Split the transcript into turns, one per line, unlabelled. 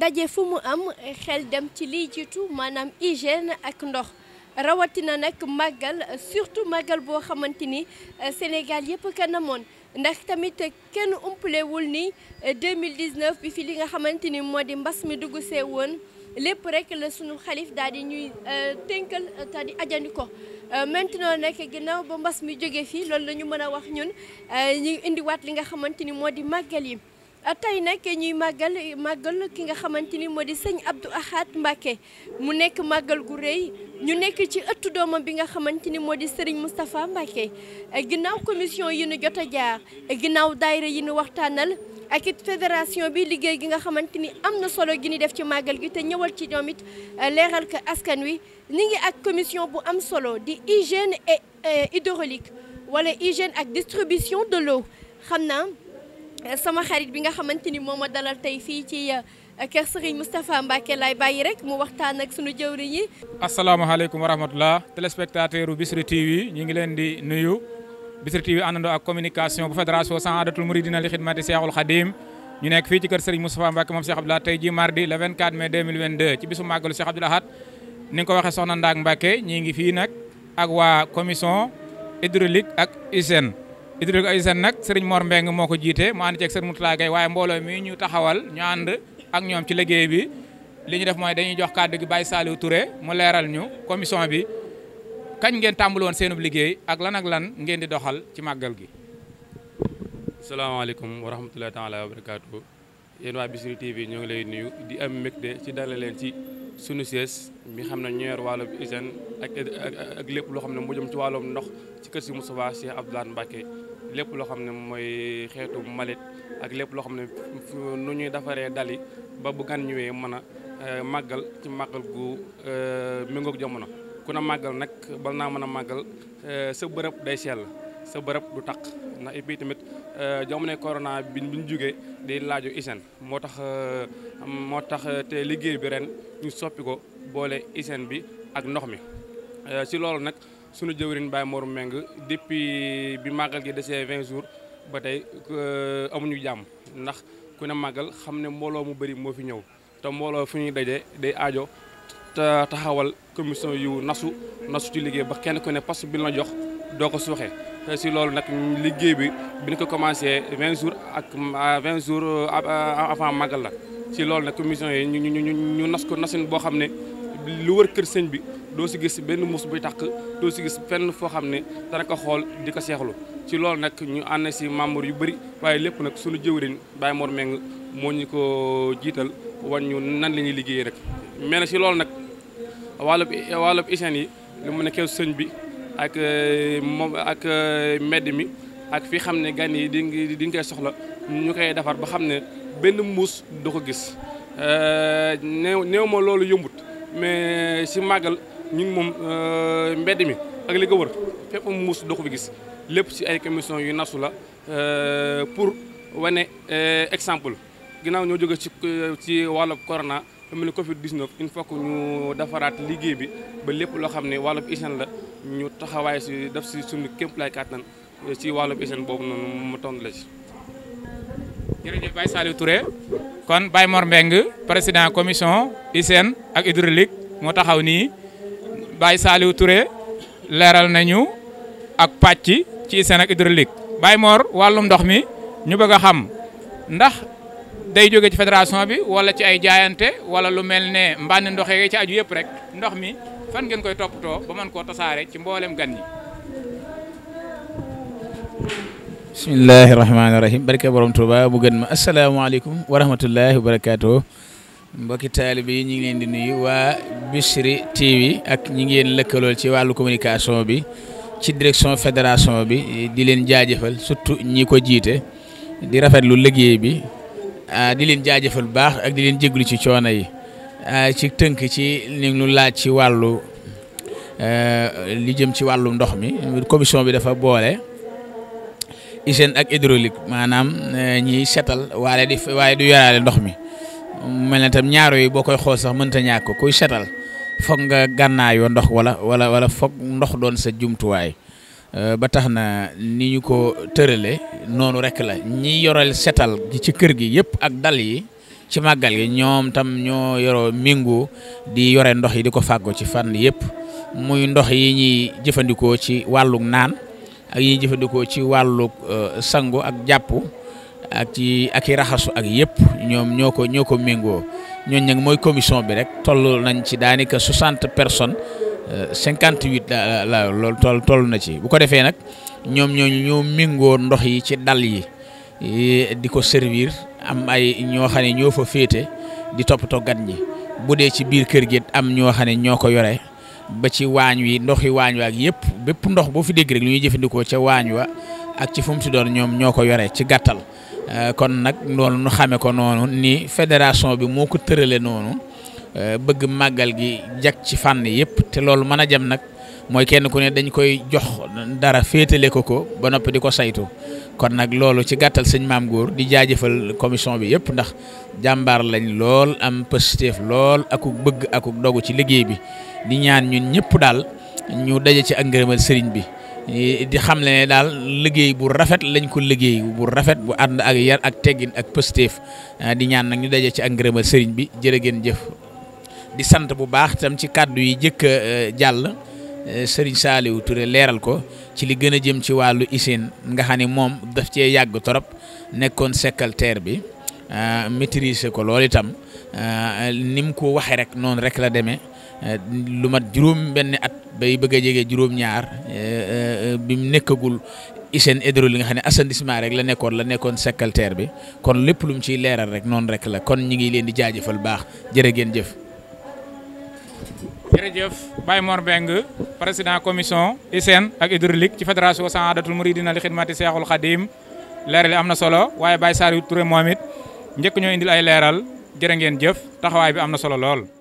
ndaje fu mu am xel dem ci lii jiitu maanaam hygiène ak ndox rawatina nag màggal surtout màggal boo xamante ni euh, Sénégal yëpp kan amoon ndax tamit kenn umpalewul ni 2019 euh, bi fi li nga xamante ni moo di mbas mi dugg see woon lépp rek la suñu xalif daal di ñuy euh, tënkal daal di ajandi ko maintenant nag ginnaaw ba mbas mi jógee fii loolu la ñu mën a wax ñun ñu indiwaat li nga xamante ni moo di màggal yi. tey nag ñuy màggal màggal ki nga xamante ni moo di sëñ Abdou Ahad Mbacké mu nekk màggal gu rëy ñu nekk ci ëttu doomam bi nga xamante ni moo di Serigne Moustapha Mbacké eh, ginnaaw commission yi nu jot a jaar eh, ginnaaw daayira yi nu waxtaanal ak it fédération bi liggéey gi nga xamante ni am na solo gi ñu def ci màggal gi te ñëwal ci doomit eh, leeral ko askan wi ñu ngi ak commission bu am solo di hygiène et hydraulique wala hygiène ak distribution de l'eau xam naa sama xarit bi nga xamante ni moo ma dalal tey fii ci euh, kër Serigne Moustapha Mbacke laay bàyyi rek mu waxtaan ak sunu jëwriñ yi.
asalaamaaleykum wa rahmatulah téléspectateur Bichri TV ñu ngi leen di nuyu Bichri TV àndandoo ak communication bu fédération Saadatul Mouridina li xidmati Seexul Xadim ñu nekk fii ci kër Serigne Moustapha Mbacke moom Cheikh Abdou Lahad tey ji mardi le 24 mai 2022 ci bisu màggalu Cheikh Abdou Lahad ni ko waxee soxna Ndak Mbacke ñi ngi fii nag ak waa commission hydraulique ak hygiène. di tuddee ko Aïssane nag sëriñ Mor Mbeng moo ko jiite mu ànd ceeg sëriñ Moutala Gaye waaye mbooloo mi ñu taxawal ñu ànd ak ñoom ci liggéey bi li ñu def mooy dañuy jox kàddu gi Baye Saliou Touré mu leeral ñu commission bi kañ ngeen tàmbali woon seenub liggéey ak lan ak lan ngeen di doxal ci màggal
gi. salaamaaleykum wa rahmatulahi taala wa barakaatu yéen waa Bichri TV ñoo ngi lay nuyu di am mbégte ci dalal leen ci sunu siège mi xam ne ñëwer wàllu hygiène ak ak lépp loo xam ne mu jëm ci wàllum ndox ci kër si Moustapha Cheikh Abdoulaye lépp loo xam ne mooy xeetu malit ak lépp loo xam ne nu ñuy defaree dali ba bu gan ñëwee mën a euh, màggal ci màggal gu euh, méngoog jamono ku a màggal nag bal naa mën a màggal euh, sa bërëb day sell sa bërëb du taq ndax et puis tamit jamono corona bi ñu jógee day laaju hygiène moo tax moo tax te liggéey bi ren ñu soppi ko boole hygiène bi ak ndox mi si loolu nag sunu jëwriñ Baye Mor Meng depuis bi màggal gi desee 20 jours ba tey euh, amuñu jàmm ndax ku ne màggal xam ne mbooloo mu bëri moo fi ñëw te mbooloo fu ñuy daje day ajo te taxawal commission yu nasu nasu ci liggéey ba kenn ku ne parce que bi la jox doo ko suuxee si loolu nag liggéey bi bi ñu ko commencé 20 jours ak 20 jours euh, avant màggal la si loolu nag commission yi ñu ñu ñu nas ko nasin boo xam ne lu wër kër sëñ bi. doo si gis benn muus buy takk doo si gis fenn foo xam ne dana ko xool di ko seexlu ci loolu nag ñu ànd si membre yu bëri waaye lépp nag suñu jëwriñ Baye Mor Meng moo ñu ko jiital wan ñu nan la ñuy liggéeyee rek. mais nag si loolu nag wàllub wàllub hygiène yi li mu nekkee sëñ bi ak euh, moom ak euh, mbedd mi ak fi xam ne gan yi di di nga koy soxla ñu koy defar ba xam ne benn muus du ko gis euh, néew néew ma loolu yombut mais si màggal. ñu ngi moom euh, mbedd mi ak li ko wër muus doo ko gis lépp ci ay commission yu nasu la euh, pour wane euh, exemple ginnaaw ñoo jóge ci ci wàllu corona lu mel ni Covid 19 il faut que ñu defaraat liggéey bi ba lépp loo xam ne wàllub hygiène la ñu taxawaay si def si suñu képp lay kàttan si wàllub hygiène boobu noonu mu tontu la ci.
jërëjëf Baye Saliou Touré kon Baye Mor président commission hygiène ak hydraulique moo taxaw nii. Baye Saliou Touré leeral nañu ak pàcc ci Hissène ak hydraulique Baye Mor ndox mi ñu bëgg a xam ndax day jóge ci fédération bi wala ci ay jaayante wala lu mel ne mbànn ndox yi ci aju yëpp rek ndox mi fan ngeen koy toppatoo ba man koo tasaare ci mboolem gan ñi.
bismillahi rahmaani rahim barke borom Tuuba bu gën ma asalaamaaleykum wa rahmatullahi wa barakaatu. mbokki taalibe yi ñu ngi leen di nuyu waa Bichri TV ak ñi ngeen lëkkalool ci wàllu communication bi ci direction fédération bi di leen jaajëfal surtout ñi ko jiite di rafetlu liggéey bi di leen jaajëfal bu baax ak di leen jéglu ci coono yi ci tënk ci ni ñu laaj ci wàllu e, li jëm ci wàllu ndox mi commission bi dafa boole hygiène ak hydraulique maanaam e, ñiy setal waaye di waaye du yoraale ndox mi. mel na ñaaro yi boo koy xool sax mënta ko kuy setal foog nga gànnaayoo ndox wala wala wala foog ndox doon sa jumtuwaay euh, ba tax na ni ñu ko tëralee noonu rek la ñi yoreel setal ci kër gi yëpp ak dal yi ci màggal gi ñoom tam ñoo yoroo méngoo di yore ndox yi di ko fàggoo ci fànn yëpp muy ndox yi ñuy jëfandikoo ci wàlluk naan ak yi jëfandikoo ci wàlluk euh, sangu ak jàpp ak ci ak i raxasu ak yëpp ñoom ñoo ko ñoo ko méngoo ñooñ nag mooy commission bi rek toll nañ ci daanaka soixante personnes euh, cinquante huit la loolu toll toll na ci bu ko defee nag ñoom ñoo ñoo méngoo ndox yi ci dal yi di ko servir am ay ñoo xam ne ñoo fa féete di toppatoo gat ñi bu dee ci biir kër gi am ñoo xam ne ñoo ko yore ba ci waañ wi ndox yi waañ wa ak yëpp bépp ndox boo fi dégg rek lu ñuy jëfandikoo ca waañ wa ak ci fu mu si doon ñoom ñoo ko yore ci gàttal. Euh, kon nag loolu nu xamee ko noonu ni fédération bi moo ko tërale noonu euh, bëgg màggal gi jag ci fànn yëpp te loolu mën a jëm nag mooy kenn ku ne dañ koy jox dara féetale ko ko ba noppi di ko saytu kon nag loolu ci gàttal sëñ maam góor di jaajëfal commission bi yëpp ndax jàmbaar lañ lool am positif lool akuk bëgg akuk dogu ci liggéey bi di ñaan ñun ñëpp daal ñu daje ci ak ngërëmal sëriñ bi di xam le ne daal liggéey bu rafet lañ ko liggéey bu rafet bu ànd ak yar ak teggin ak pësteef eh, di ñaan nag ñu daje ci ak ngërëmal sëriñ bi jërë ngeen jëf di sant bu baax tam ci kàddu yi jëkk eh, jàll eh, sëriñ Saliou Touré leeral ko ci li gën a jëm ci wàllu ISEN nga xam ne moom daf cee yàgg torop nekkoon secrétaire bi maîtriser ko loolu itam ni mu ko waxee rek noonu rek la demee lu mat juróom benn at bay bëgg a jege juróom-ñaar eh, eh, eh, bi mu nekkagul hygiène hydraulique li nga xam ne assainissement rek la nekkoon la nekkoon secrétaire bi kon lép lu mu ciy leeral rek noonu rek la kon ñi ngi leen di jaajëfal baax jërë ngeen jëf.
jërëjëf Baye Mor Mbengue président commission hygiène ak hydraulique ci fédération Saadatul Muridina li xidmati Seexul Xadim leeral am na solo waaye Baye Saliou Touré moom it njëkk ñoo indil ay leeral jërë ngeen jëf taxawaay bi am na solo lool.